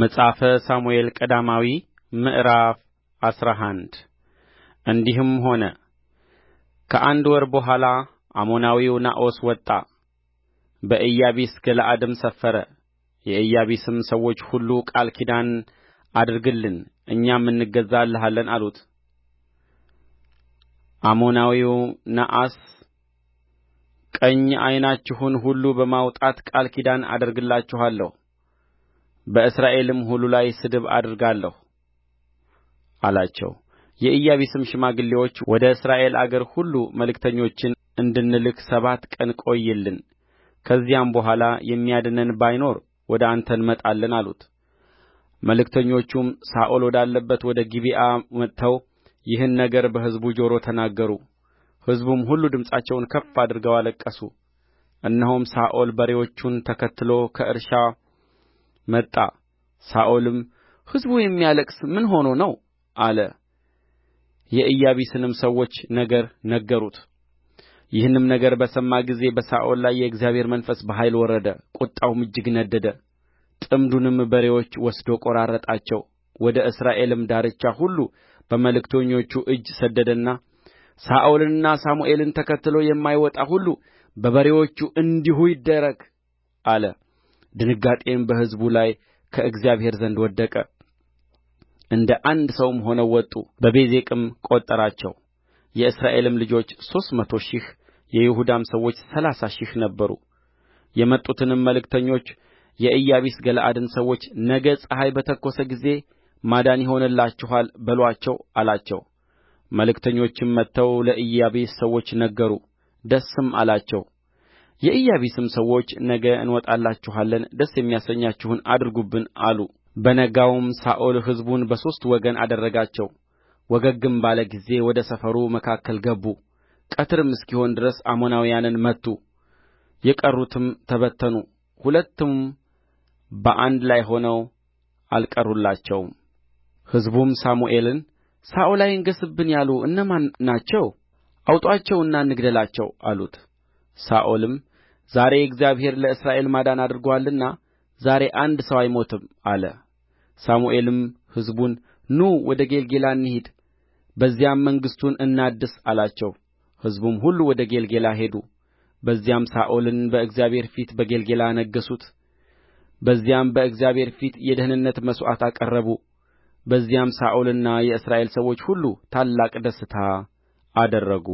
መጽሐፈ ሳሙኤል ቀዳማዊ ምዕራፍ አስራ አንድ እንዲህም ሆነ ከአንድ ወር በኋላ አሞናዊው ናዖስ ወጣ፣ በኢያቢስ ገለዓድም ሰፈረ። የኢያቢስም ሰዎች ሁሉ ቃል ኪዳን አድርግልን፣ እኛም እንገዛልሃለን አሉት። አሞናዊው ናዖስ ቀኝ ዐይናችሁን ሁሉ በማውጣት ቃል ኪዳን አደርግላችኋለሁ በእስራኤልም ሁሉ ላይ ስድብ አደርጋለሁ አላቸው የኢያቢስም ሽማግሌዎች ወደ እስራኤል አገር ሁሉ መልእክተኞችን እንድንልክ ሰባት ቀን ቆይልን ከዚያም በኋላ የሚያድነን ባይኖር ወደ አንተ እንመጣለን አሉት መልእክተኞቹም ሳኦል ወዳለበት ወደ ጊብዓ መጥተው ይህን ነገር በሕዝቡ ጆሮ ተናገሩ ሕዝቡም ሁሉ ድምፃቸውን ከፍ አድርገው አለቀሱ እነሆም ሳኦል በሬዎቹን ተከትሎ ከእርሻ መጣ ሳኦልም ሕዝቡ የሚያለቅስ ምን ሆኖ ነው አለ የኢያቢስንም ሰዎች ነገር ነገሩት ይህንም ነገር በሰማ ጊዜ በሳኦል ላይ የእግዚአብሔር መንፈስ በኃይል ወረደ ቍጣውም እጅግ ነደደ ጥምዱንም በሬዎች ወስዶ ቈራረጣቸው ወደ እስራኤልም ዳርቻ ሁሉ በመልእክተኞቹ እጅ ሰደደና ሳኦልንና ሳሙኤልን ተከትሎ የማይወጣ ሁሉ በበሬዎቹ እንዲሁ ይደረግ አለ ድንጋጤም በሕዝቡ ላይ ከእግዚአብሔር ዘንድ ወደቀ እንደ አንድ ሰውም ሆነው ወጡ በቤዜቅም ቈጠራቸው የእስራኤልም ልጆች ሦስት መቶ ሺህ የይሁዳም ሰዎች ሠላሳ ሺህ ነበሩ የመጡትንም መልእክተኞች የኢያቢስ ገለዓድን ሰዎች ነገ ፀሐይ በተኰሰ ጊዜ ማዳን ይሆንላችኋል በሉአቸው አላቸው መልእክተኞችም መጥተው ለኢያቢስ ሰዎች ነገሩ ደስም አላቸው የኢያቢስም ሰዎች ነገ እንወጣላችኋለን ደስ የሚያሰኛችሁን አድርጉብን አሉ በነጋውም ሳኦል ሕዝቡን በሦስት ወገን አደረጋቸው ወገግም ባለ ጊዜ ወደ ሰፈሩ መካከል ገቡ ቀትርም እስኪሆን ድረስ አሞናውያንን መቱ የቀሩትም ተበተኑ ሁለቱም በአንድ ላይ ሆነው አልቀሩላቸውም ሕዝቡም ሳሙኤልን ሳኦል አይንገሥብን ያሉ እነማን ናቸው አውጡአቸውና እንግደላቸው አሉት ሳኦልም ዛሬ እግዚአብሔር ለእስራኤል ማዳን አድርጎአልና ዛሬ አንድ ሰው አይሞትም አለ ሳሙኤልም ሕዝቡን ኑ ወደ ጌልገላ እንሂድ በዚያም መንግሥቱን እናድስ አላቸው ሕዝቡም ሁሉ ወደ ጌልገላ ሄዱ በዚያም ሳኦልን በእግዚአብሔር ፊት በጌልገላ አነገሡት በዚያም በእግዚአብሔር ፊት የደኅንነት መሥዋዕት አቀረቡ በዚያም ሳኦልና የእስራኤል ሰዎች ሁሉ ታላቅ ደስታ አደረጉ